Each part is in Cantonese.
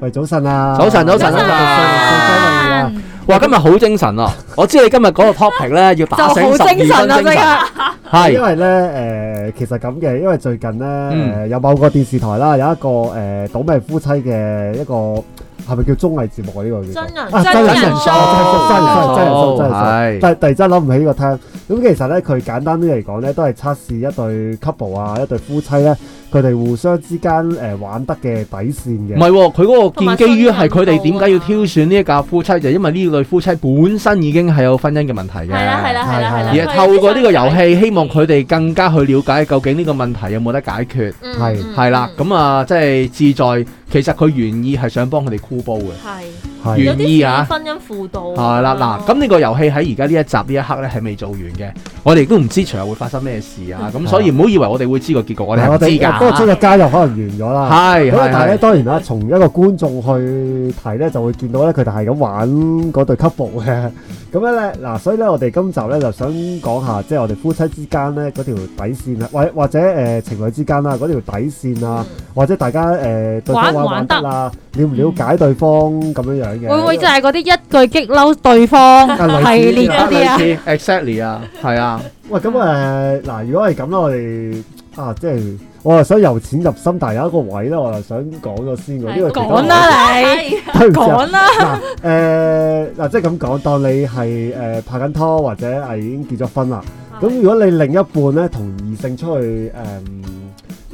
喂，早晨啊！早晨，早晨啊！早晨，哇！今日好精神啊。我知你今日講個 topic 咧，要打醒十二分精神。係因為咧，誒，其實咁嘅，因為最近咧，有某個電視台啦，有一個誒賭命夫妻嘅一個係咪叫綜藝節目啊？呢個真人真人秀，真人真人真係，但係真真真真真諗唔起個 title。咁其實咧，佢簡單啲嚟講咧，都係測試一對 couple 啊，一對夫妻咧。佢哋互相之間誒玩得嘅底線嘅、啊，唔係喎，佢嗰個建基於係佢哋點解要挑選呢一對夫妻，就是、因為呢類夫妻本身已經係有婚姻嘅問題嘅，係啦係啦係啦，啊啊啊啊、而係透過呢個遊戲，希望佢哋更加去了解究竟呢個問題有冇得解決，係係啦，咁啊、嗯、啊，即係志在其實佢願意係想幫佢哋箍煲嘅，係、啊。有啲婚姻輔導、啊。係啦，嗱，咁呢個遊戲喺而家呢一集呢一刻咧係未做完嘅，我哋亦都唔知最後會發生咩事啊，咁、嗯、所以唔好的以為我哋會知個結局，我哋係唔知㗎。不過朱駿佳就可能完咗啦。係咁的但係咧，當然啦，從一個觀眾去睇咧，就會見到咧，佢哋係咁玩嗰對 couple 嘅。咁樣咧，嗱，所以咧，我哋今集咧就想講下，即、就、係、是、我哋夫妻之間咧嗰條底線啦，或或者誒、呃、情侶之間啊嗰條底線啊，嗯、或者大家誒、呃、對對方玩，玩得啊，了唔了解對方咁樣樣。嗯會唔會就係嗰啲一句激嬲對方系列嗰啲，啊？Exactly 啊，係啊。喂，咁誒嗱，如果係咁啦，我哋啊，即係我係想由淺入深，但係有一個位咧，我係想講咗先嘅。講啦，你講啦。誒，嗱，即係咁講，當你係誒拍緊拖或者係已經結咗婚啦，咁如果你另一半咧同異性出去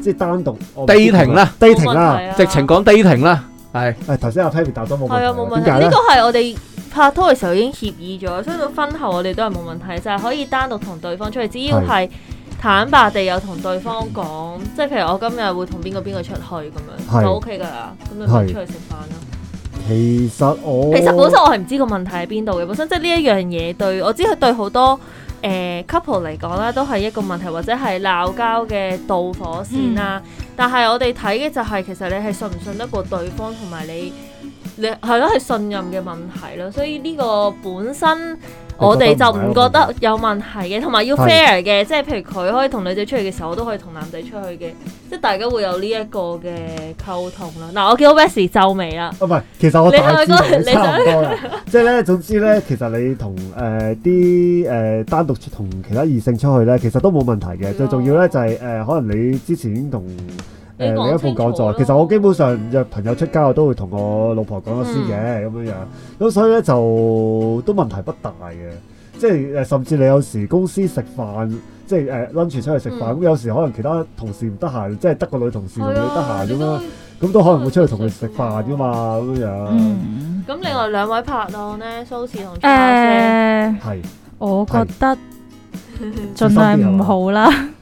誒，即係單獨 dating 啦，dating 啦，直情講 dating 啦。係，誒頭先有睇見豆多冇？係、哎、啊，冇問，問題。呢個係我哋拍拖嘅時候已經協議咗，所以到婚後我哋都係冇問題，就係、是、可以單獨同對方出去，只要係坦白地有同對方講，是即係譬如我今日會同邊個邊個出去咁樣就 OK 噶啦，咁就唔出去食飯啦。其實我其實本身我係唔知個問題喺邊度嘅，本身即係呢一樣嘢對我知佢對好多。誒、uh, couple 嚟講啦，都係一個問題，或者係鬧交嘅導火線啦、啊。嗯、但係我哋睇嘅就係、是、其實你係信唔信得過對方，同埋你你係咯係信任嘅問題咯。所以呢個本身。我哋就唔覺得有問題嘅，同埋的要 fair 嘅，的即係譬如佢可以同女仔出去嘅時候，我都可以同男仔出去嘅，即係大家會有呢一個嘅溝通啦。嗱，我見到 Vesey 皺眉啦。啊，唔係，其實我大致同你差唔多啦。即係咧，總之咧，其實你同誒啲誒單獨同其他異性出去咧，其實都冇問題嘅。的最重要咧就係誒，可能你之前已經同。誒，另一副講座，其實我基本上約朋友出街，我都會同我老婆講咗先嘅咁樣樣，咁所以咧就都問題不大嘅，即係誒，甚至你有時公司食飯，即係誒 lunch 出去食飯，咁、嗯、有時可能其他同事唔得閒，即係得個女同事得閒咁啦，咁都可能會出去同佢食飯噶嘛咁樣。咁、嗯嗯、另外兩位拍檔咧，蘇氏同誒，係、呃，我覺得盡量唔好啦。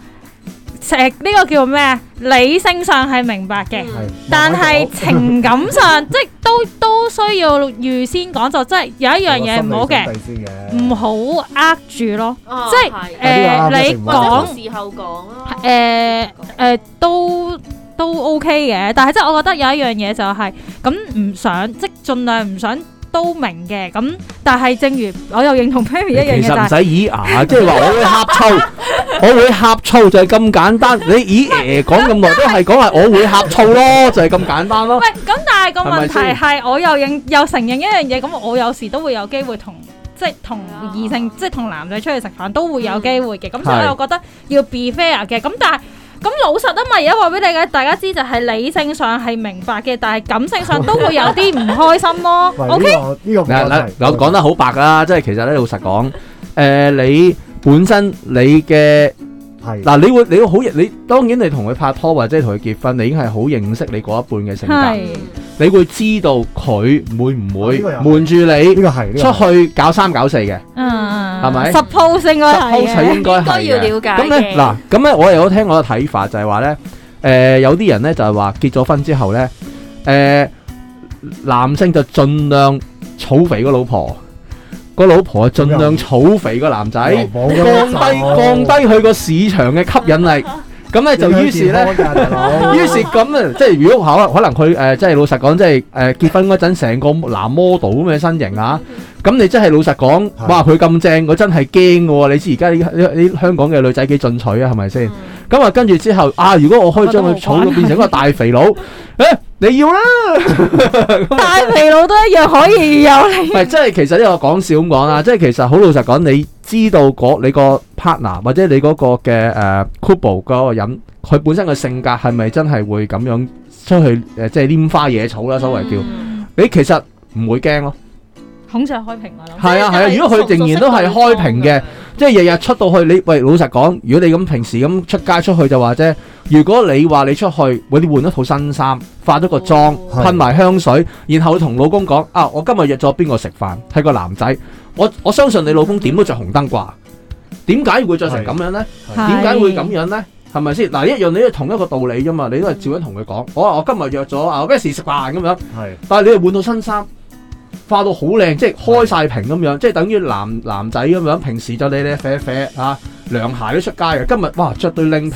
食呢個叫咩？理性上係明白嘅，嗯、但係情感上 即係都都需要預先講就即、是、係有一樣嘢唔好嘅，唔好呃住咯。啊、即係誒，呃、你講誒誒都都 OK 嘅，但係即係我覺得有一樣嘢就係咁唔想，即係盡量唔想。都明嘅，咁但係正如我又認同 Perry 一樣嘢，其實唔使咦啊，即係話我會呷醋，我會呷醋就係咁簡單。你咦誒講咁耐都係講係我會呷醋咯，就係咁簡單咯。喂，咁但係個問題係，我又認又承認一樣嘢，咁我有時都會有機會同即係同異性即係同男仔出去食飯都會有機會嘅，咁所以我又覺得要 be fair 嘅，咁但係。咁老實啊，咪而家話俾你嘅，大家知就係理性上係明白嘅，但係感性上都會有啲唔開心咯。OK，呢個嗱嗱，我講得好白㗎喇，即係其實咧老實講，誒你本身你嘅係嗱，你會你會好，你當然你同佢拍拖或者係同佢結婚，你已經係好認識你嗰一半嘅性格，你會知道佢會唔會瞞住你呢個係出去搞三搞四嘅。嗯。係咪？suppose 應該係，應該,應該要了解。咁咧嗱，咁咧我又聽、呃、有聽我嘅睇法，就係話咧，誒有啲人咧就係話結咗婚之後咧，誒、呃、男性就盡量儲肥個老婆，個老婆啊盡量儲肥個男仔，降低 降低佢個市場嘅吸引力。 咁咧就於是咧，於是咁啊，即係如果可能，可能佢誒，即係老實講，即係誒結婚嗰陣，成個男 model 咁嘅身形啊！咁你真係老實講，哇，佢咁正，我真係驚嘅喎！你知而家啲啲香港嘅女仔幾進取啊，係咪先？咁啊，跟住之後啊，如果我可以將佢湊到變成一個大肥佬，誒，你要啦，大肥佬都一樣可以有你。唔係，即係其實呢個講笑咁講啦，即係其實好老實講你知道嗰你個 partner 或者你嗰個嘅誒 couple 嗰個人，佢本身嘅性格係咪真係會咁樣出去誒，即係拈花惹草啦，所謂叫、嗯、你其實唔會驚咯。孔雀開屏啦，係啊，係啊，係啊！如果佢仍然都係開屏嘅，即係日日出到去，你喂老實講，如果你咁平時咁出街出去就話啫。如果你話你出去，嗰你換一套新衫，化咗個妝，哦、噴埋香水，然後同老公講的啊，我今日約咗邊個食飯，係個男仔。我我相信你老公點都着紅燈啩？點解會着成咁樣咧？點解會咁樣咧？係咪先？嗱，一樣你都同一個道理噶嘛，你都係照樣同佢講。我話我今日約咗啊，咩時食飯咁樣，是但係你又換到新衫，化到好靚，即係開晒屏咁樣，即係等於男男仔咁樣，平時就你你啡啡啊，涼鞋都出街嘅。今日哇，着對拎皮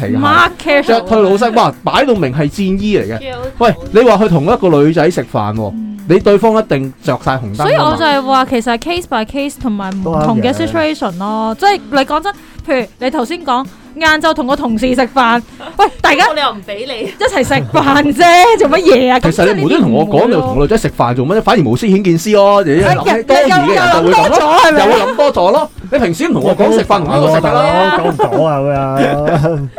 鞋，着對老西，哇，擺到明係戰衣嚟嘅。喂，你話去同一個女仔食飯，嗯、你對方一定着晒紅燈。所以我就係話，其實 case by case 同埋唔同嘅 situation 咯、啊啊，即係你講真。譬如你頭先講晏晝同個同事食飯。喂，大家，我你又唔俾你一齊食飯啫，做乜嘢啊？其實你無端同我講，你同女仔食飯做乜？反而無私顯見私哦。而家多疑嘅人就會咁咯，又會諗多咗咯。你平時唔同我講食飯唔好喎、啊，得啦，講唔到啊，佢啊。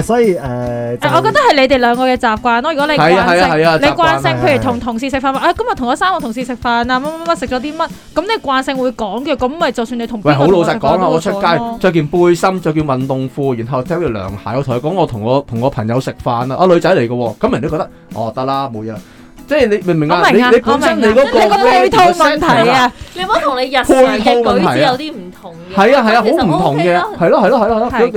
所以誒，呃、我覺得係你哋兩個嘅習慣咯。如果你慣性，你慣性，譬如同同事食飯，話、哎、今日同咗三個同事食飯啊，乜乜乜食咗啲乜，咁你慣性會講嘅。咁咪就算你同，喂，好老實講啊。我出街着件背心，着件運動褲，然後着條涼鞋，我同佢講我同我同我朋友食飯啊，啊女仔嚟嘅喎，咁人都覺得，哦，得啦，冇嘢啦。即係你明唔明啊？你你講出嚟嗰個配套問題啊！你唔好同你日常嘅舉止有啲唔同嘅。係啊係啊，好唔同嘅，係咯係咯係咯。你你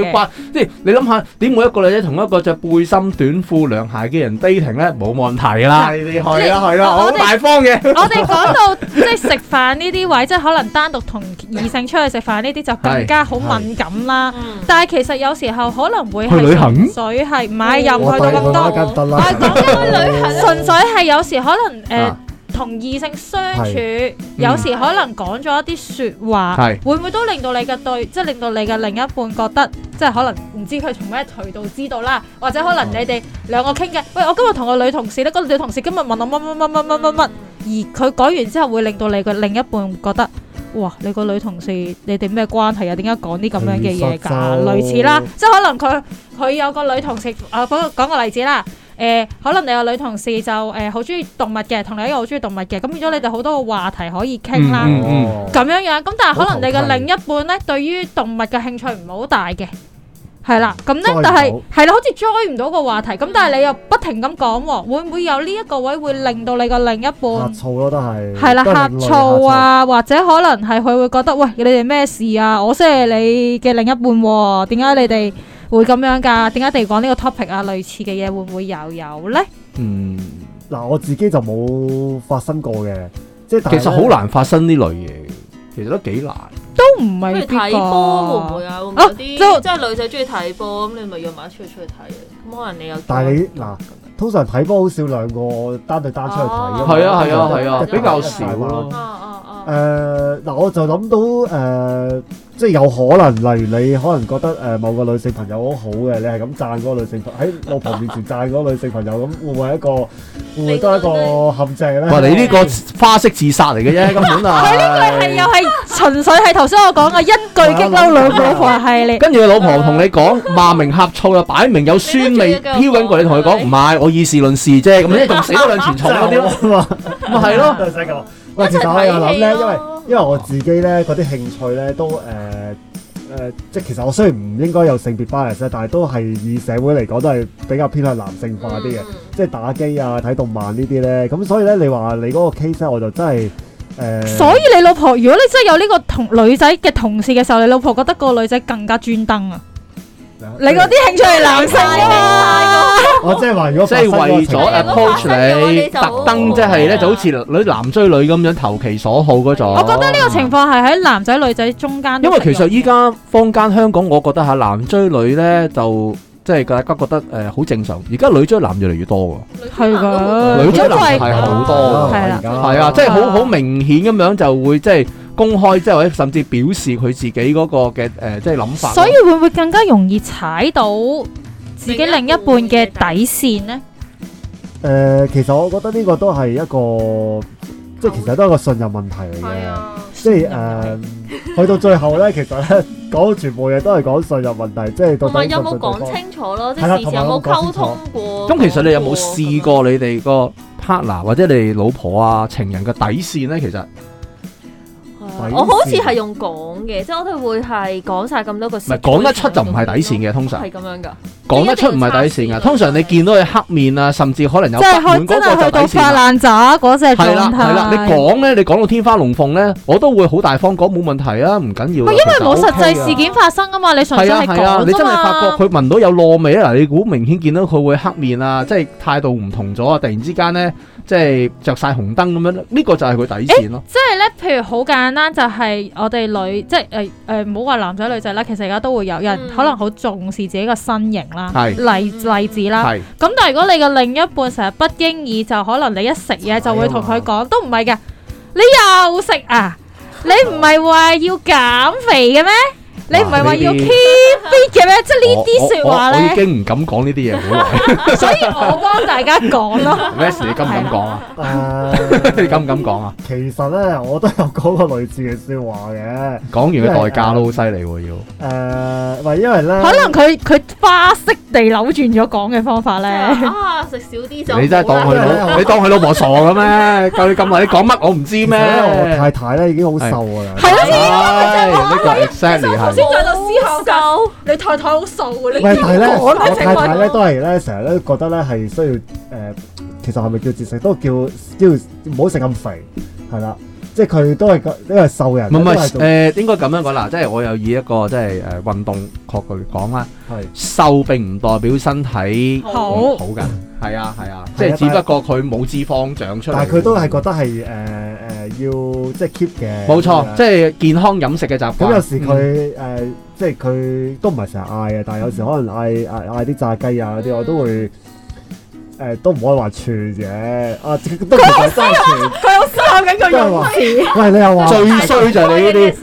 即係你諗下，點會一個女仔同一個着背心短褲涼鞋嘅人 dating 冇問題㗎啦？太厲害啦，係啦，好大方嘅。我哋講到即係食飯呢啲位，即係可能單獨同異性出去食飯呢啲就更加好敏感啦。但係其實有時候可能會去旅行，水係唔係又唔去到咁多？我講緊去旅行，純粹係有。有時可能誒，同、呃、異性相處，嗯、有時可能講咗一啲說話，係會唔會都令到你嘅對，即係令到你嘅另一半覺得，即係可能唔知佢從咩渠道知道啦，或者可能你哋兩個傾偈，喂，我今日同個女同事咧，嗰個女同事今日問我乜乜乜乜乜乜乜，而佢講完之後會令到你嘅另一半覺得，哇，你個女同事你哋咩關係啊？點解講啲咁樣嘅嘢噶？類似啦，即係可能佢佢有個女同事誒，呃，講個例子啦。誒，可能你個女同事就誒好中意動物嘅，同你一樣好中意動物嘅，咁變咗你哋好多個話題可以傾啦，咁樣樣。咁但係可能你嘅另一半咧，對於動物嘅興趣唔係好大嘅，係啦，咁咧但係，係啦，好似 join 唔到個話題。咁但係你又不停咁講，會唔會有呢一個位會令到你個另一半呷醋咯？都係，係啦，呷醋啊，或者可能係佢會覺得喂，你哋咩事啊？我先係你嘅另一半喎，點解你哋？會咁樣噶？點解突然講呢個 topic 啊？類似嘅嘢會唔會又有咧？嗯，嗱，我自己就冇發生過嘅，即係其實好難發生呢類嘢，其實都幾難。都唔係睇波會唔會啊？會唔會有啲，啊 so, 即係女仔中意睇波咁？你咪約埋一出去出去睇啊？咁可能你有，但係你嗱，通常睇波好少兩個單對單出去睇，係啊，係，就是，啊，係啊，比較少咯，啊。啊！啊啊誒，嗱，我就諗到誒，即係有可能，例如你可能覺得誒某個女性朋友好好嘅，你係咁讚嗰個女性朋友喺老婆面前讚嗰個女性朋友，咁會唔會係一個會唔會都係一個陷阱咧？哇，你呢個花式自殺嚟嘅啫，根本係佢呢個係又係純粹係頭先我講嘅一句激嬲老婆，話係你。跟住佢老婆同你講罵名呷醋啦，擺明有酸味飄緊過嚟，同佢講唔係，我以事論事啫，咁即係仲死過兩錢醋嗰啲，咪係咯。喂，其實我又諗咧，因為因為我自己咧，嗰啲興趣咧都誒誒、呃呃，即係其實我雖然唔應該有性別 bias 但係都係以社會嚟講都係比較偏向男性化啲嘅，嗯、即係打機啊、睇動漫呢啲咧，咁所以咧，你話你嗰個 case 咧，我就真係誒，呃、所以你老婆如果你真係有呢個同女仔嘅同事嘅時候，你老婆覺得個女仔更加專登啊？啊你嗰啲興趣係男性啊！啊我即係為咗 approach 你，特登即係咧就好似女男追女咁樣投其所好嗰種。我覺得呢個情況係喺男仔女仔中間。因為其實依家坊間香港，我覺得吓男追女咧就即係大家覺得誒好正常。而家女追男越嚟越多噶，係噶，女追男係好多，係啦，係啊，即係好好明顯咁樣就會即係公開，即係甚至表示佢自己嗰個嘅誒即係諗法。所以會唔會更加容易踩到？自己另一半嘅底線咧？誒，其實我覺得呢個都係一個，即係其實都係個信任問題嚟嘅。即係誒，去到最後咧，其實咧講到全部嘢都係講信任問題。即係同埋有冇講清楚咯？即係事情有冇溝通過？咁其實你有冇試過你哋個 partner 或者你老婆啊、情人嘅底線咧？其實我好似係用講嘅，即係我哋會係講晒咁多個事。唔係講得出就唔係底線嘅，通常係咁樣噶。講得出唔係底線㗎，通常你見到佢黑面啊，甚至可能有不滿嗰個就底線。即係去真係去到發爛渣嗰隻係啦係啦，你講咧，你講到天花龍鳳咧，我都會好大方講冇問題啊，唔緊要。因為冇實際事件發生啊嘛，你純粹係講你真係發覺佢聞到有落味啊嗱，你好明顯見到佢會黑面啊，即係態度唔同咗啊，突然之間咧，即係着晒紅燈咁樣，呢、這個就係佢底線咯。即係咧，譬如好簡單，就係、是、我哋女，即係誒誒，唔好話男仔女仔啦，其實而家都會有人可能好重視自己個身形。嗯是例例子啦，咁是但係如果你嘅另一半成日不經意，就可能你一食嘢就會同佢講，的都唔係㗎，你又食啊？Hello. 你唔係話要減肥嘅咩？你唔係話要 keep fit 嘅咩？即係呢啲說話咧，我我我已經唔敢講呢啲嘢，好耐，所以我幫大家講咯。咩？你敢唔敢講啊？你敢唔敢講啊？其實咧，我都有講過類似嘅說話嘅。講完嘅代價都好犀利喎，要誒，喂因為咧，可能佢佢花式地扭轉咗講嘅方法咧。啊，食少啲就你真係當佢老，你當佢老婆傻嘅咩？究竟今日你講乜我唔知咩？我太太咧已經好瘦㗎喇，係啊，呢個 exactly。頭先喺度思考緊，哦、你太太好瘦嘅，是你都唔夠我太太咧，都係咧，成日咧覺得咧係需要誒、呃，其實係咪叫節食都叫叫唔好食咁肥，係啦。即係佢都係個，都係瘦人。唔係是，誒、呃、應該咁樣講啦。即係我又以一個即係誒、呃、運動角度講啦。係是瘦並唔代表身體好好，㗎、哦。係啊，係啊，啊即係只不過佢冇脂肪長出嚟。但係佢都係覺得係誒誒要即係 keep 嘅。冇錯，即係、啊、健康飲食嘅習慣。咁有時佢誒、嗯呃、即係佢都唔係成日嗌嘅，但係有時可能嗌嗌嗌啲炸雞啊嗰啲，嗯、我都會。誒、呃、都唔可以話串嘅，啊有都唔好真串。佢有收緊佢嘅氣。喂，你又話最衰就係你呢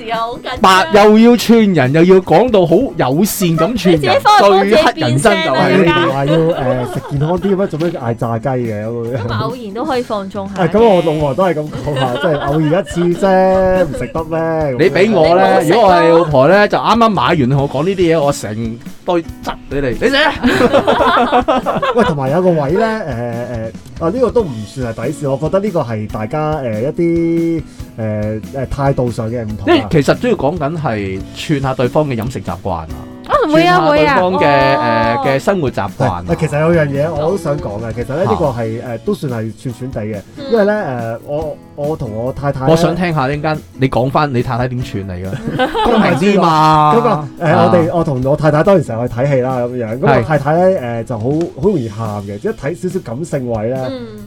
啲，八又要串人，又要講到好友善咁串人，最乞人憎就係你哋話、啊、要誒食、呃、 健康啲，做咩嗌炸雞嘅？ 偶然都可以放縱下。咁、哎、我老婆都係咁講下，即係偶然一次啫，唔食得咩？你俾我咧，如果我係老婆咧，就啱啱買完同我講呢啲嘢，我成。堆汁俾你，你食。喂，同埋有個位咧，誒、呃、誒、呃，啊呢、這個都唔算係底線，我覺得呢個係大家誒、呃、一啲誒誒態度上嘅唔同。即係其實都要講緊係串下對方嘅飲食習慣啊。啊唔會啊會啊！對、啊、方嘅誒嘅生活習慣其實有樣嘢我都想講嘅，其實咧呢、嗯、個係誒、呃、都算係串串地嘅，因為咧誒、呃、我我同我太太，我想聽下陣間，你講翻你太太點串嚟㗎，公平啲嘛？咁啊、嗯嗯呃、我哋我同我太太當然成日去睇戲啦咁樣，咁我太太咧誒、呃、就好好容易喊嘅，即一睇少少感性位咧，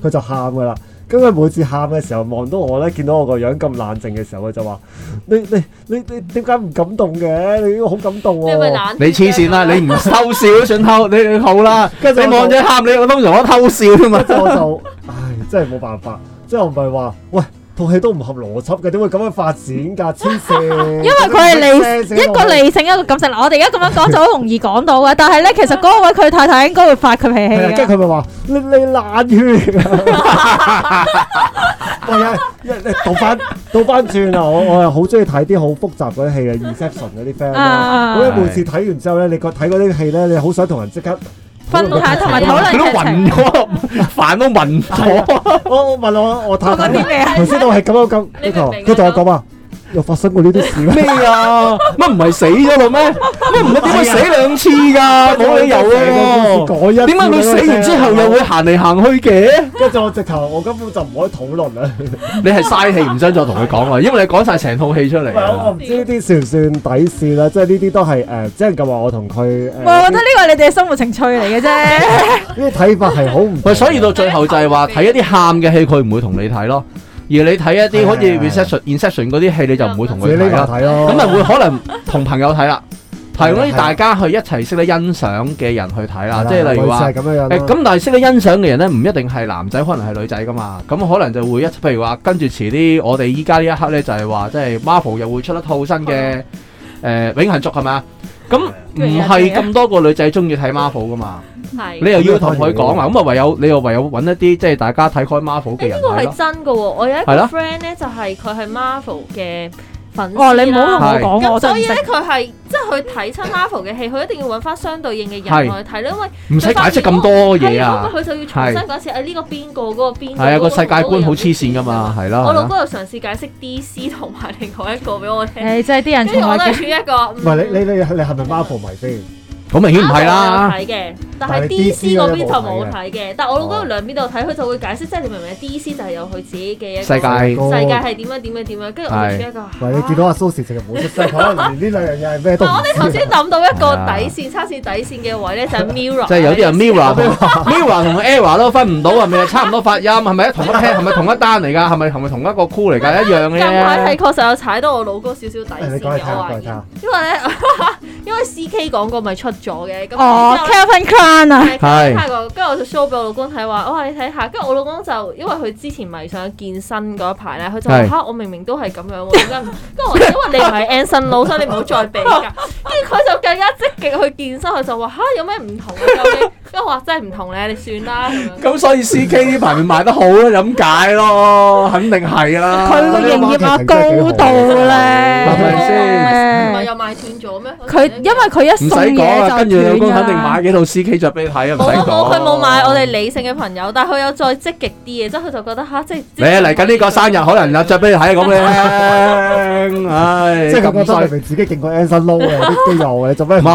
佢就喊㗎啦。嗯咁佢每次喊嘅時候，望到我咧，見到我個樣咁冷靜嘅時候，佢就話：你你你你點解唔感動嘅？你我好感動喎！你黐線啦！你唔偷笑都想偷，你你好啦。跟住你望咗喊，你我通常我偷笑啫嘛。我就唉，真係冇辦法，真係唔係話喂。套戲都唔合邏輯嘅，點會咁樣發展噶？黐線！因為佢係理一個理性一個感性，我哋而家咁樣講就好容易講到嘅。但係咧，其實嗰位佢太太應該會發佢脾氣嘅。即係佢咪話你你懶住 啊？我一一倒翻倒翻轉啊！我我又好中意睇啲好複雜嗰啲戲嘅 Inception 嗰啲 friend 啦。咁每次睇完之後咧，你覺得睇嗰啲戲咧，你好想同人即刻。分下同埋討論題，飯都暈咗，飯、哦、都暈咗，我問我，我太太咩啊這樣這樣？頭先都係咁樣講，佢同佢同我講啊。又發生過呢啲事咩啊？乜唔係死咗咯咩？乜唔係點會死兩次噶？冇理由喎！點解佢死完之後又會行嚟行去嘅？跟住我直頭，我根本就唔可以討論啊！你係嘥氣唔想再同佢講啦，因為你講晒成套戲出嚟。我唔知呢啲算唔算底事咧？即係呢啲都係誒，只能咁話我同佢。我我覺得呢個係你哋嘅生活情趣嚟嘅啫。呢啲睇法係好唔，所以到最後就係話睇一啲喊嘅戲，佢唔會同你睇咯。而你睇一啲好似 research、i n 樂 s e c t i o n 嗰啲戲，你就唔會同佢睇，咁咪 會可能同朋友睇啦，睇嗰啲大家去一齊識得欣賞嘅人去睇啦， 即係例如話，誒咁、 啊欸，但係識得欣賞嘅人咧，唔一定係男仔，可能係女仔噶嘛，咁可能就會一，譬如話跟住遲啲，我哋依家呢一刻咧就係、是、話，即係 Marvel 又會出一套新嘅誒、 欸、永恆族係咪啊？是咁唔係咁多個女仔鍾意睇 Marvel 㗎嘛？係的，你又要同佢講啊！咁啊，唯有你又唯有揾一啲即係大家睇開 Marvel 嘅人咯。呢個係真㗎喎、哦！我有一個 friend 咧，的就係佢係 Marvel 嘅。哇、哦！你唔好同我講是我真係所以咧，佢係即係佢睇親 Marvel 嘅戲，佢一定要揾翻相對應嘅人去睇咧，因為唔使解釋咁多嘢啊，佢就要重新講一次。誒呢是、啊這個邊個嗰個邊個？係啊，的個，個世界觀好黐線噶嘛，係咯。的我老公又嘗試解釋 DC 同埋另外一個俾我聽。即真係啲人，我哋只一個唔係、 嗯、你你你你係咪 Marvel 迷先？好明顯唔係啦，睇嘅，但係 DC 嗰邊就冇睇嘅。但係我老公兩邊度睇，佢就會解釋，即係你明明 DC 就係有佢自己嘅世界，世界係點樣點樣點樣。跟住我老哥話，喂，你見到阿蘇斯成日冇出聲可能呢兩樣嘢係咩？我哋頭先諗到一個底線，測試底線嘅位咧，就 MIRROR 即係有啲人 MIRROR MIRROR 同個 ERROR 都分唔到啊，咪差唔多發音，係咪同一聽？係咪同一單嚟㗎？係咪同咪同一個 crew 嚟㗎？一樣嘅。係確實有踩到我老哥少少底線，因為咧，因為 CK 講過咪出。咗嘅咁，之後 Calvin Klein 啊，跟住我就 show 俾我老公睇話，哇，你睇下，跟住我老公就因為佢之前迷上健身嗰一排咧，佢就話吓，我明明都係咁樣喎，跟住因為你唔係 Anson Lo，你唔好再比較。跟住佢就更加積極去健身，佢就話吓，有咩唔同啊？跟住我話真係唔同咧，你算啦。咁所以 C K 呢排咪賣得好咧，咁解咯，肯定係啦。佢個營業額高度咧，係咪先？唔係又賣斷咗咩？佢因為佢一送嘢。跟住老公肯定買幾套 CK 著俾你睇啊！唔使講，冇冇佢冇買我哋理性嘅朋友，但係佢有再積極啲嘅，即係佢就覺得嚇即係。你嚟緊呢個生日可能又著俾你睇咁靚，唉！即係感覺真係自己勁過 Anson Lo 嘅啲肌肉嘅，你做咩唔？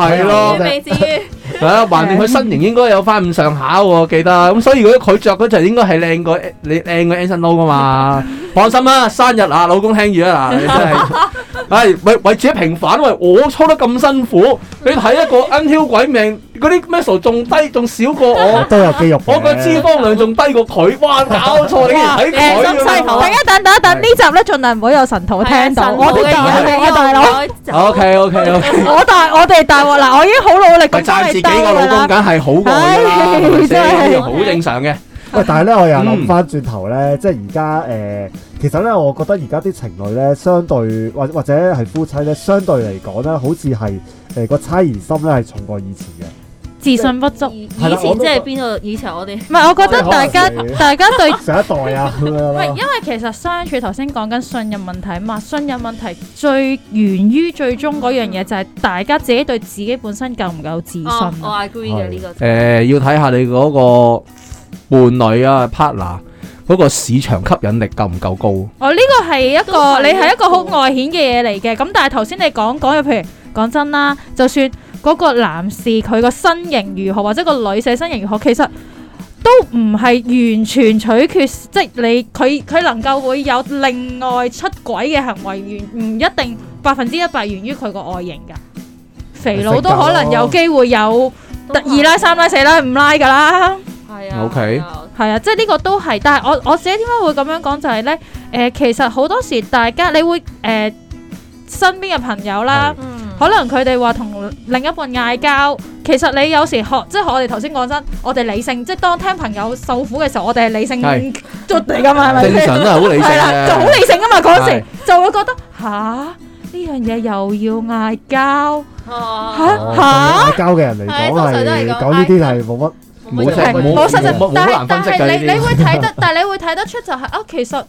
未至於係啊，橫掂佢身形應該有翻咁上下喎，記得咁，所以如果佢著嗰陣應該係靚過你靚過 Anson Lo 噶嘛，放心啦，生日啊，老公聽住啊，你真係。係為為自己平反，為我操得咁辛苦，你睇一個 NHL 鬼命，嗰啲 muscle 仲低，仲少過我，都有肌肉。我個脂肪量仲低過佢，哇，搞錯，你睇佢。等一等，等一等，呢集咧盡量唔好有神童聽到。我哋大佬，O K O K O K。我大我哋大鑊嗱，我已經好努力咁去讚自己個老公，梗係好過佢，好正常嘅。喂，但係咧，我又諗翻轉頭咧，嗯、即係而家誒，其實咧，我覺得而家啲情侶咧，相對或者，或者係夫妻咧，相對嚟講咧，好似係誒個猜疑心咧係重過以前嘅。自信不足，以前即係邊度？以前我哋唔係，我覺得大家能大家對上一代啊，係 因為其實相處頭先講緊信任問題嘛，信任問題最源於最終嗰樣嘢就係、是、大家自己對自己本身夠唔夠自信。哦、我 agree 嘅呢個誒，要睇下你，嗰個。伴侶啊，partner，嗰個市場吸引力夠唔夠高？哦，呢個係一個你係一個好外顯嘅嘢嚟嘅。咁但係頭先你講講又譬如講真啦，就算嗰個男士佢個身形如何，或者個女仔身形如何，其實都唔係完全取決，即係你佢佢能夠會有另外出軌嘅行為，源唔一定百分之一百源於佢個外形噶。肥佬都可能有機會有二奶、三奶、四奶、五奶噶啦。係啊，OK，係啊，即係呢個都係，但係我我自己點解會咁樣講就係咧？誒，其實好多時大家你會誒身邊嘅朋友啦，可能佢哋話同另一半嗌交，其實你有時學即係我哋頭先講真，我哋理性，即係當聽朋友訴苦嘅時候，我哋係理性卒嚟噶嘛？理性啊，好理性，係啦，就好理性啊嘛！嗰時就會覺得吓呢樣嘢又要嗌交，吓同嗌交嘅人嚟講係講呢啲係冇乜。冇實但係但係你些你會睇得， 但係你會睇得出就係、是、啊，其實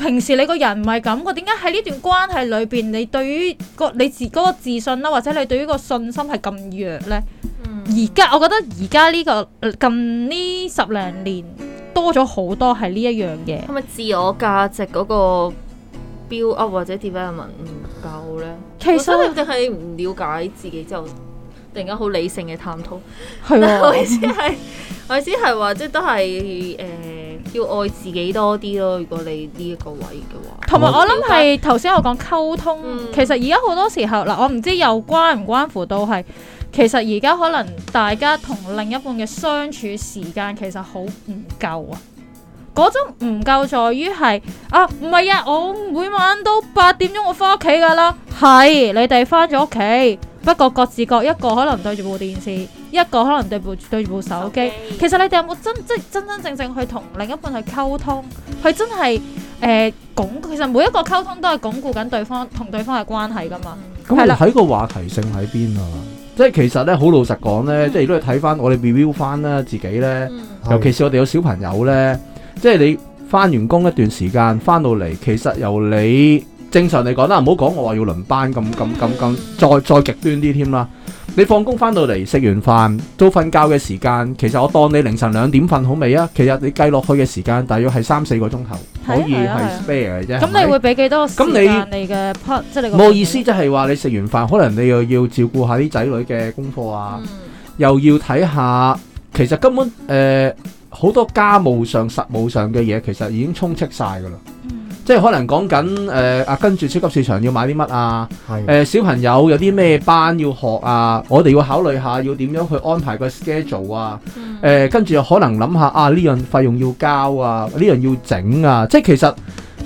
平時你個人唔係咁嘅，點解喺呢段關係裏邊，你對於個你自嗰、那個自信啦，或者你對於個信心係咁弱咧？而家、嗯、我覺得而家呢個近呢十零年多咗好多係呢一樣嘢。係咪自我價值嗰個 build up 或者 development 唔夠咧？其實淨係唔了解自己就。突然間好理性嘅探討，係 我意思係，我意思係話，即都係誒、呃，要愛自己多啲咯。如果你呢個位嘅話，同埋有我諗係頭先我講溝通，嗯、其實而家好多時候嗱，我唔知又關唔關乎到係，其實而家可能大家同另一半嘅相處時間其實好唔夠啊！嗰種唔夠在於係啊，唔係啊，我每晚都八點鐘我返屋企㗎啦，係 你哋返咗屋企。不過各自各一個，可能對住部電視，一個可能對部對住部手機。其實你哋有冇真即真真正正去同另一半去溝通？佢真係誒、鞏、其實每一個溝通都係鞏固緊對方同對方嘅關係噶嘛。咁係啦，喺個了話題性喺邊啊！即係其實咧，好老實講咧，嗯、即係如果你睇翻我哋 review 翻啦，自己咧，嗯、尤其是我哋有小朋友咧、嗯嗯，即係你翻完工一段時間翻到嚟，其實由你。正常嚟講啦，唔好講我話要輪班咁咁咁咁，再再極端啲添啦。你放工返到嚟食完飯，都瞓覺嘅時間，其實我當你凌晨兩點瞓好未啊？其實你計落去嘅時間，大約係三四個鐘頭，啊、可以係 spare 嘅啫。咁、啊啊、吧你會俾幾多時間你嘅 put？冇意思，即係話你食完飯，可能你又要照顧下啲仔女嘅功課啊，嗯、又要睇下，其實根本誒好、呃、多家務上、實務上嘅嘢，其實已經充斥晒㗎喇。即係可能講緊誒啊，跟住超級市場要買啲乜啊？誒的、呃、小朋友有啲咩班要學啊？我哋要考慮下要點樣去安排個 schedule 啊？誒、嗯呃、跟住又可能諗下啊，呢樣費用要交啊，呢樣要整啊。即係其實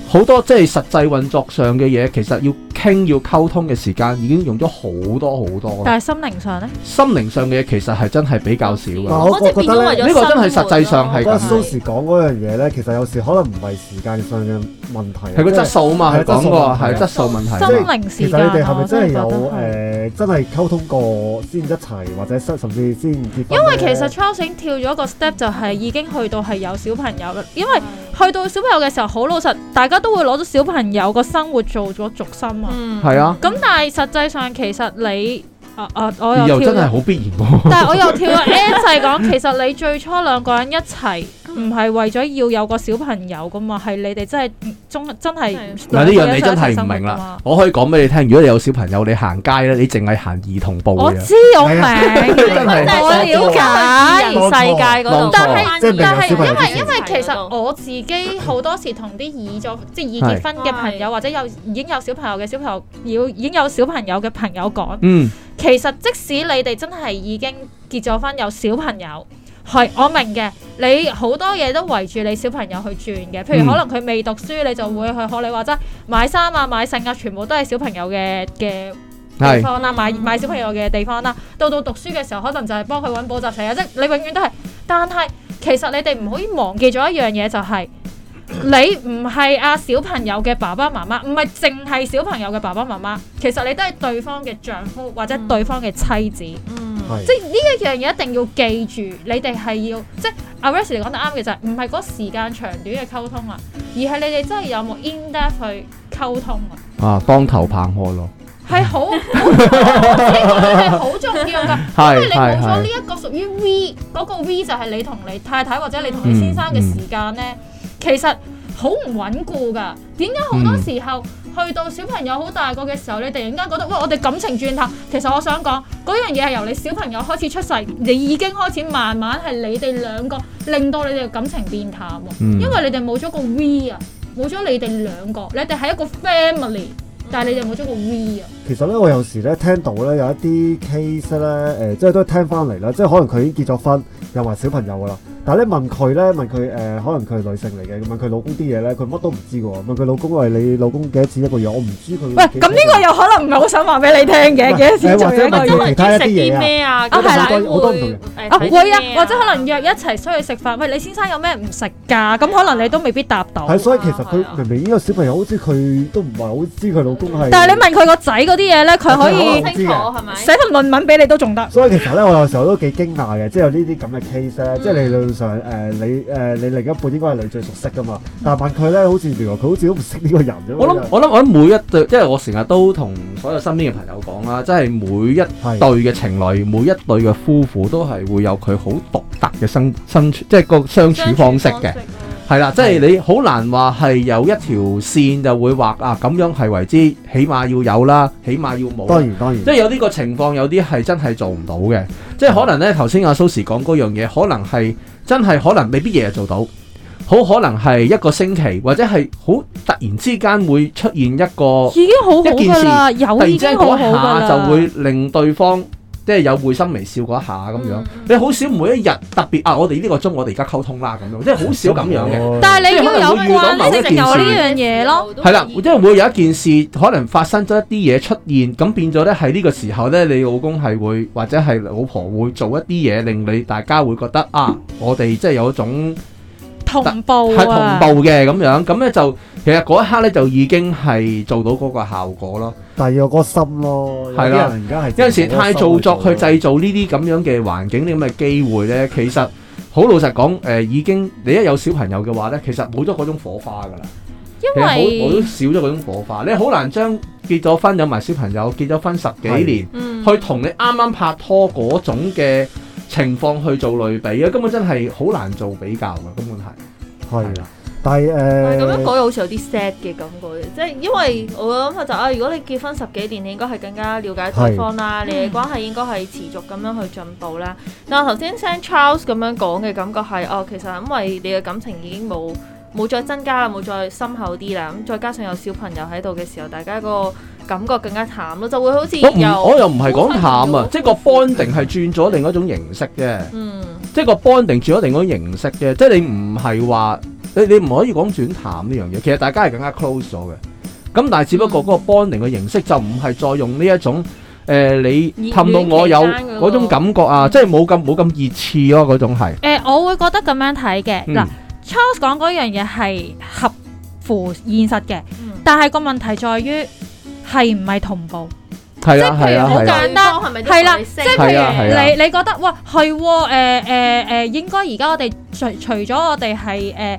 好多即係實際運作上嘅嘢，其實要。傾要溝通嘅時間已經用咗好多好多，但係心靈上咧，心靈上嘅嘢其實係真係比較少嘅。嗱，我覺得呢 個真係實際上係。嗰陣時講嗰樣嘢咧，其實有時可能唔係時間上嘅問題，係個質素啊嘛，係講對過係質，對質素問題。心靈以時間，你哋係咪真係有誒。呃真係溝通過先一齊，或者甚至先結。因為其實 choosing 跳咗個 step 就係已經去到係有小朋友。因為去到小朋友嘅時候，好老實，大家都會攞咗小朋友個生活做咗重心嘛、嗯、啊。係啊。咁但係實際上其實你啊啊，我又跳又真係好必然。但係我又跳個 e 就係講，其實你最初兩個人一齊。唔係為咗要有個小朋友噶嘛，係你哋真係中真係。嗱，呢樣你真係唔明啦。我可以講俾你聽，如果你有小朋友，你行街咧，你淨係行兒童部。我知我明，我了解世界嗰度。但係但係，因為因為其實我自己好多時同啲已咗即係已結婚嘅朋友，或者有已經有小朋友嘅小朋友，要已經有小朋友嘅朋友講，嗯，其實即使你哋真係已經結咗婚，有小朋友。係，我明嘅。你好多嘢都圍住你小朋友去轉嘅，譬如可能佢未讀書，嗯、你就會去學你話齋買衫啊、買性格、啊，全部都係小朋友嘅嘅地方啦、是買買小朋友嘅地方啦。到到讀書嘅時候，可能就係幫佢揾補習社啊，即你永遠都係。但係其實你哋唔可以忘記咗一樣嘢、就係，就係。你唔係阿小朋友嘅爸爸媽媽，唔係淨係小朋友嘅爸爸媽媽，其實你都係對方嘅丈夫或者對方嘅妻子。嗯，嗯是即係呢一樣嘢一定要記住，你哋係要即係阿 Rex 嚟講得啱嘅，就唔係嗰時間長短嘅溝通啊，而係你哋真係有冇 in depth 去溝通啊。啊，當頭棒喝咯，係 好，係好重要噶。因為你冇咗呢一個屬於 V，嗰個 V 就係你同你太太或者你同你先生嘅時間咧。其實好唔穩固噶，點解好多時候、嗯、去到小朋友好大個嘅時候，你突然間覺得，喂，我哋感情轉淡。其實我想講，嗰樣嘢係由你小朋友開始出世，你已經開始慢慢係你哋兩個令到你哋感情變淡喎。嗯、因為你哋冇咗個 V 啊，冇咗你哋兩個，你哋係一個 family，但係你哋冇咗個 V 啊。其實咧，我有時咧聽到咧有一啲 case 咧，誒、呃，即係都係聽翻嚟啦，即係可能佢已經結咗婚，有埋小朋友噶啦。但你問佢咧，問佢誒，可能佢係女性嚟嘅，問佢老公啲嘢咧，佢乜都唔知㗎喎。問佢老公係，你老公幾多錢一個月？我唔知佢。喂，咁呢個又可能唔係好想話俾你聽嘅，幾多錢一個月，或者可能啲食啲咩啊。啊，係啦，好多唔同會啊，會啊，或者可能約一齊出去食飯，喂，你先生有咩唔食㗎，咁可能你都未必答到。係，所以其實佢明明呢個小朋友好似佢都唔係好知佢老公係，但係你問佢個仔嗰啲嘢咧，佢可以寫份論文俾你都仲得。所以其實咧，我有時候都幾驚訝嘅，即係有呢啲咁嘅 case 咧，即係你論就誒、呃、你誒、呃、你另一半應該係你最熟悉㗎嘛？但係問佢咧，好似原來佢好似都唔識呢個人啫。我諗我諗我諗每一對，即係我成日都同所有身邊嘅朋友講啦，即係每一對嘅情侶，是每一對嘅夫婦都係會有佢好獨特嘅生生即係個相處方式嘅。係啦，即係是你好難話係有一條線就會話啊咁樣係為之，起碼要有啦，起碼要冇。當然當然，即係有呢個情況，有啲係真係做唔到嘅，嗯、即係可能咧頭先阿蘇士講嗰樣嘢，可能係。真係可能未必嘢做到，好可能係一個星期，或者係好突然之間會出現一個已經好好嘅啦，一件事突然之間嗰下就會令對方。即係有會心微笑嗰一下咁樣，嗯、你好少每一日特別啊！我哋呢個鐘我哋而家溝通啦咁樣，即係好少咁樣嘅。但係你如果有、啊、遇到某一件事呢樣嘢咯，係啦，即係會有一件事可能發生咗一啲嘢出現，咁變咗咧喺呢個時候咧，你老公係會或者係老婆會做一啲嘢，令你大家會覺得啊，我哋即係有一種。同步係、啊、同步嘅咁樣，咁咧就其實嗰一刻咧就已經係做到嗰個效果咯。但係有個心咯，有陣間係有陣時太做作去製造呢啲咁樣嘅環境，呢咁嘅機會咧，其實好老實講，誒、呃、已經你一有小朋友嘅話咧，其實冇咗嗰種火花㗎啦。因為其實好我都少咗嗰種火花，你好難將結咗婚有埋小朋友，結咗婚十幾年、嗯、去同你啱啱拍拖嗰種嘅情況去做類比啊，根本真係好難做比較㗎，根本係係啦。是的但係誒，咁、呃、樣講又好似有啲 sad 嘅感覺，即係、嗯、因為我諗下、就是，就啊，如果你結婚十幾年，你應該係更加了解對方啦，是你嘅關係應該係持續咁樣去進步啦。嗯、但係頭先 Sam Charles 咁樣講嘅感覺係哦、啊，其實因為你嘅感情已經冇冇再增加啦，冇再深厚啲啦。咁、嗯、再加上有小朋友喺度嘅時候，大家、個。感覺更加淡咯，就會好似又朋友。我又唔係講淡啊，即係個 bonding 係轉咗另一種形式嘅，即係個 bonding 轉咗另一種形式嘅，即係你唔係話你你唔可以講轉淡呢樣嘢。其實大家係更加 close 咗嘅，咁但係只不過嗰個 bonding 嘅形式就唔係再用呢一種誒，你氹到我有嗰種感覺啊，即係冇咁冇咁熱刺咯嗰種係誒。我會覺得咁樣睇嘅嗱，Charles 講嗰樣嘢係合乎現實嘅，但係個問題在於。係唔係同步？係啦，係啦，即係譬如好簡單，係咪？係啦，即係譬如你你覺得哇，係誒誒誒，應該而家我哋除除咗我哋係誒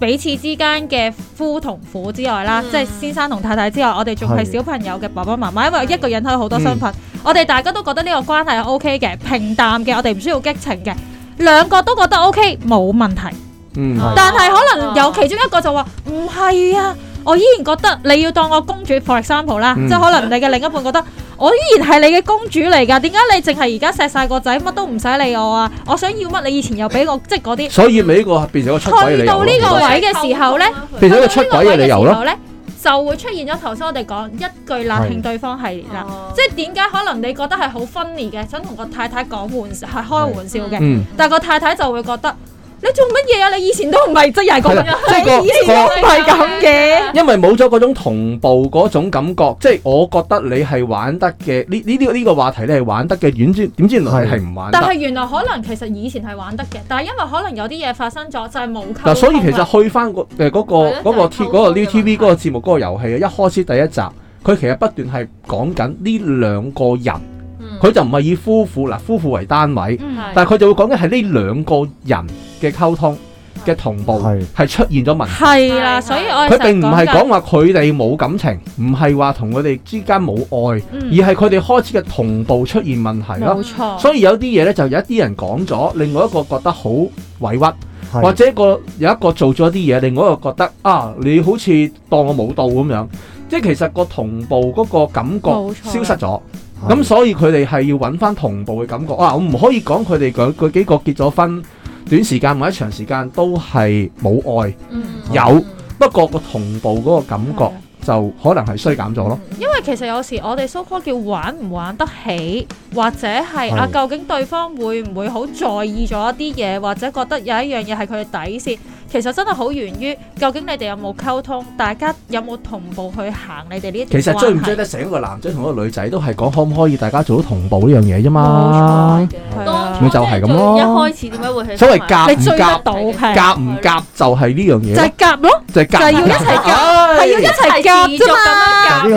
彼此之間嘅夫同婦之外啦，即係先生同太太之外，我哋仲係小朋友嘅爸爸媽媽，因為一個人可以好多身份。我哋大家都覺得呢個關係係 O K 嘅，平淡嘅，我哋唔需要激情嘅，兩個都覺得 O K，冇問題。嗯，但係可能有其中一個就話唔係啊。我依然覺得你要當我公主 for example 啦，For example, 嗯、即係可能你嘅另一半覺得我依然係你嘅公主嚟㗎，點解你淨係而家錫晒個仔，乜都唔使理我啊？我想要乜你以前又俾我，即係嗰啲。所以你呢個變成一個出軌嘅去到呢個位嘅時，時候呢，變成個出軌嘅理由咧，就會出現咗頭先我哋講一句鬧興對方係啦，是啊、即係點解可能你覺得係好 funny 嘅，想同個太太講玩笑，開玩笑嘅，是啊嗯、但個太太就會覺得。你做乜嘢啊？你以前都唔係即又係咁嘅，即 個係咁嘅。了 因為冇咗嗰種同步嗰種感覺，即係 我覺得你係玩得嘅，呢呢啲呢個話題你係玩得嘅。點知點知原來係唔玩得。但係原來可能其實以前係玩得嘅，但係因為可能有啲嘢發生咗就係、是、冇。所以其實去返、那個誒嗰、 那個嗰、那個 T 嗰 個 New TV 嗰個節目嗰個遊戲啊，一開始第一集佢其實不斷係講緊呢兩個人。佢就唔係以夫婦嗱夫婦為單位，但係佢就會講緊係呢兩個人嘅溝通嘅同步係出現咗問題。係啊，所以我佢並唔係講話佢哋冇感情，唔係話同佢哋之間冇愛，而係佢哋開始嘅同步出現問題啦。冇錯，所以有啲嘢呢，就有一啲人講咗，另外一個覺得好委屈，或者個有一個做咗啲嘢，另外一個覺得啊，你好似當我冇到咁樣，即係其實個同步嗰個感覺消失咗。咁所以佢哋係要揾翻同步嘅感覺啊！我唔可以講佢哋佢佢幾個結咗婚，短時間或者長時間都係冇愛，嗯、有、嗯、不過個同步嗰個感覺、嗯、就可能係衰減咗咯。因為其實有時我哋 so called 叫玩唔玩得起，或者係的啊，究竟對方會唔會好在意咗一啲嘢，或者覺得有一樣嘢係佢嘅底線。其實真係好源於究竟你哋有冇溝通，大家有冇同步去行你哋呢？其實追唔追得成一個男仔同一個女仔都係講可唔可以大家做到同步呢樣嘢啫嘛。冇錯嘅，就係咁咯。從一開始點解會係所謂夾唔夾？夾唔夾就係呢樣嘢。即係夾咯，就係夾，係要一齊夾，係要一齊夾啫嘛。呢個，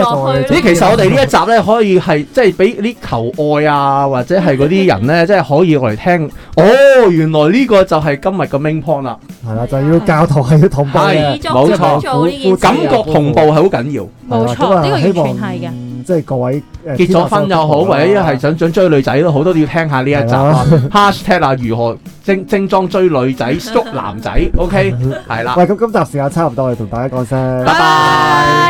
咦？其實我哋呢一集咧，可以係即係俾啲求愛啊，或者係嗰啲人咧，即係可以嚟聽。哦，原來呢個就係今日嘅 main point 啦。係啦，就。要教徒係要同步嘅，冇錯，感覺同步係好緊要，冇錯，呢個完全係嘅。即係各位結咗婚又好，或者係想想追女仔都好，都要聽下呢一集。Hashtag 啊，如何正正裝追女仔，捉男仔？OK，係啦。喂，咁今集時間差唔多，我哋同大家講聲，拜拜。